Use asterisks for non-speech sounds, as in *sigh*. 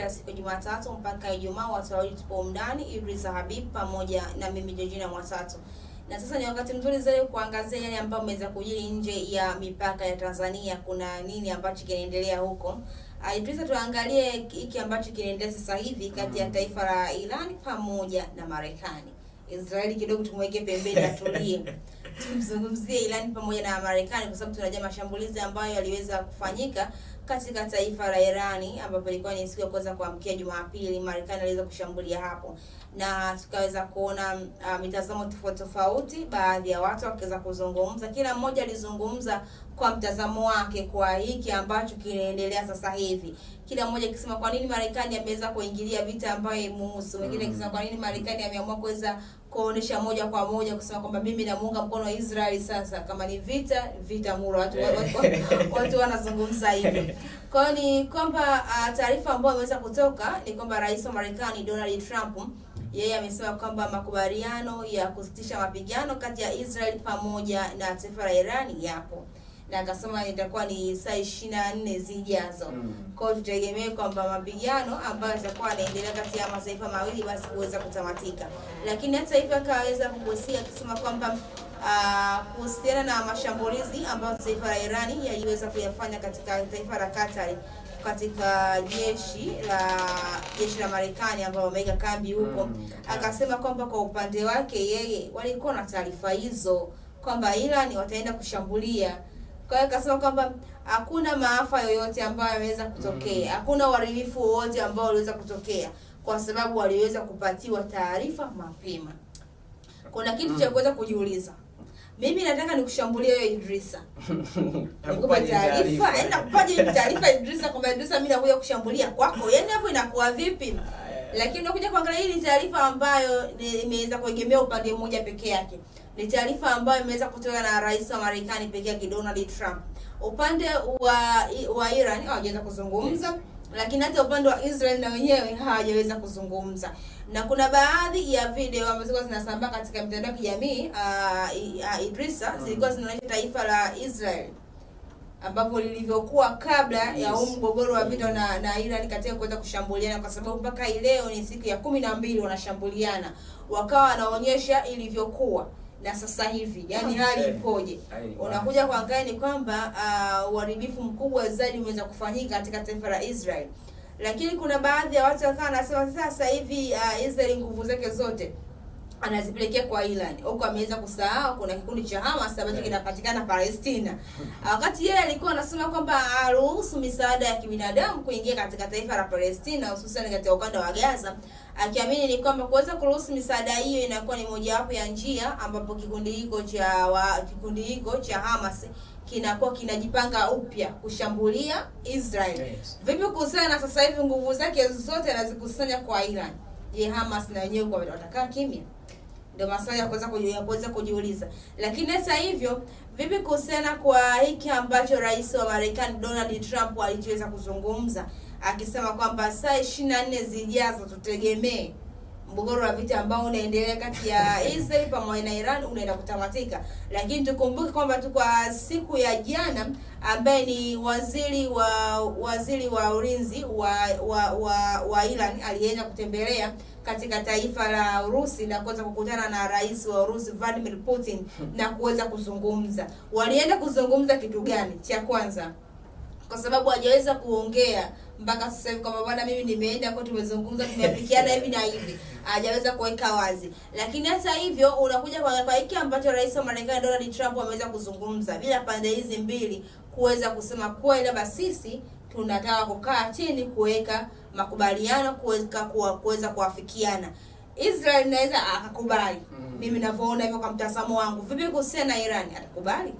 kila siku ya Jumatatu mpaka Ijumaa watarudi, tupo ndani Idris Habib pamoja na mimi Georgina Mwatatu. Na sasa ni wakati mzuri zaidi kuangazia yale ambayo ameweza kujiri nje ya mipaka ya Tanzania. Kuna nini ambacho kinaendelea huko? Ah, Idrisa, tuangalie hiki ambacho kinaendelea sasa hivi kati ya taifa la Iran pamoja na Marekani. Israeli kidogo tumweke pembeni atulie. *laughs* tumzungumzie Irani pamoja na Marekani kwa sababu tunajua mashambulizi ambayo yaliweza kufanyika katika taifa la Irani ambapo ilikuwa ni siku ya kwanza kuamkia Jumapili, Marekani aliweza kushambulia hapo, na tukaweza kuona uh, mitazamo tofauti tofauti, baadhi ya watu wakiweza kuzungumza, kila mmoja alizungumza kwa mtazamo wake kwa hiki ambacho kinaendelea sasa hivi, kila mmoja akisema kwa nini Marekani ameweza kuingilia vita ambayo imuhusu, wengine mm-hmm. akisema mm. kwa nini Marekani ameamua kuweza kuonesha moja kwa moja kusema kwamba mimi namuunga mkono wa Israeli. Sasa kama ni vita vita mura, watu *laughs* watu wanazungumza hivyo. Kwa hiyo ni kwamba ah, taarifa ambayo imeweza kutoka ni kwamba rais wa Marekani Donald Trump yeye amesema kwamba makubaliano ya kusitisha mapigano kati ya Israel pamoja na taifa la Irani yapo na akasema itakuwa ni saa ishirini na nne zijazo. Mm. Kwa hiyo tutegemee kwamba mapigano ambayo yatakuwa yanaendelea kati ya mataifa mawili basi kuweza kutamatika, lakini hata hivyo akaweza kugusia akisema kwamba ah, kuhusiana na mashambulizi ambayo taifa la Irani yaliweza kuyafanya katika taifa la Qatar katika jeshi la jeshi la Marekani ambao wameweka kambi huko mm, akasema kwamba kwa upande wake yeye walikuwa na taarifa hizo kwamba Irani wataenda kushambulia kwa hiyo akasema kwamba hakuna maafa yoyote ambayo yameweza kutokea, mm. hakuna uharibifu wowote ambao uliweza kutokea kwa sababu waliweza kupatiwa taarifa mapema. Kuna kitu cha kuweza kujiuliza. Mimi nataka nikushambulie wewe Idrisa. *laughs* Nikupa taarifa, yaani kupaje taarifa Idrisa kwamba Idrisa mimi nakuja kushambulia kwako? Yaani hapo inakuwa vipi? Lakini unakuja kuangalia hii ni taarifa ambayo imeweza kuegemea upande mmoja peke yake. Ni taarifa ambayo imeweza kutoka na rais wa Marekani peke yake Donald Trump. Upande wa wa Iran hawajaweza kuzungumza, lakini hata upande wa Israel na wenyewe hawajaweza kuzungumza. Na kuna baadhi ya video ambazo zilikuwa zinasambaa katika mitandao ya kijamii uh, ah, ah, Idrisa hmm. zilikuwa zinaonyesha taifa la Israel ambavyo lilivyokuwa kabla yes, ya huu mgogoro wa vita na, na Iran katika kuweza kushambuliana, kwa sababu mpaka leo ni siku ya kumi na mbili wanashambuliana, wakawa wanaonyesha ilivyokuwa na sasa hivi, yani ah, hali ipoje? Unakuja kuangalia ni kwamba ah, uharibifu mkubwa zaidi umeweza kufanyika katika taifa la Israel, lakini kuna baadhi ya watu wakawa wanasema sasa hivi uh, Israel nguvu zake zote anazipelekea kwa Iran huko. Ameweza kusahau kuna kikundi cha Hamas ambacho eh. kinapatikana Palestina, hmm. wakati yeye alikuwa anasema kwamba aruhusu misaada ya kibinadamu kuingia katika taifa la Palestina, hususan katika ukanda wa Gaza, akiamini ni kwamba kuweza kuruhusu misaada hiyo inakuwa ni mojawapo ya njia ambapo kikundi hiko cha wa, kikundi hiko cha Hamas kinakuwa kinajipanga upya kushambulia Israel. Yes. Vipi kuhusiana na sasa hivi nguvu zake zote anazikusanya kwa Iran? Je, Hamas na wenyewe kwa watakaa kimya? ndio maswali ya kuweza ya kuweza kujiuliza. Lakini hata hivyo, vipi kuhusiana kwa hiki ambacho rais wa Marekani Donald Trump alijiweza kuzungumza akisema kwamba saa 24 zijazo tutegemee mgogoro wa vita ambao unaendelea kati ya *laughs* Israel pamoja na Iran unaenda kutamatika, lakini tukumbuke kwamba tu kwa siku ya jana ambaye ni waziri wa waziri wa ulinzi wa wa, wa, wa Iran alienda kutembelea katika taifa la Urusi na kuweza kukutana na rais wa Urusi Vladimir Putin na kuweza kuzungumza. Walienda kuzungumza kitu gani? Cha kwanza kwa sababu hajaweza kuongea mpaka sasa hivi kwamba bwana, mimi nimeenda kwa, tumezungumza tumeafikiana hivi na hivi, hajaweza kuweka wazi. Lakini hata hivyo unakuja kwa, kwa hiki ambacho rais wa Marekani Donald Trump ameweza kuzungumza bila pande hizi mbili kuweza kusema kweli, labda sisi tunataka kukaa chini kuweka makubaliano, kuweza kuweza kuafikiana. Israel inaweza akakubali, hmm. mimi navyoona hivyo kwa mtazamo wangu. Vipi kuhusiana na Iran, atakubali?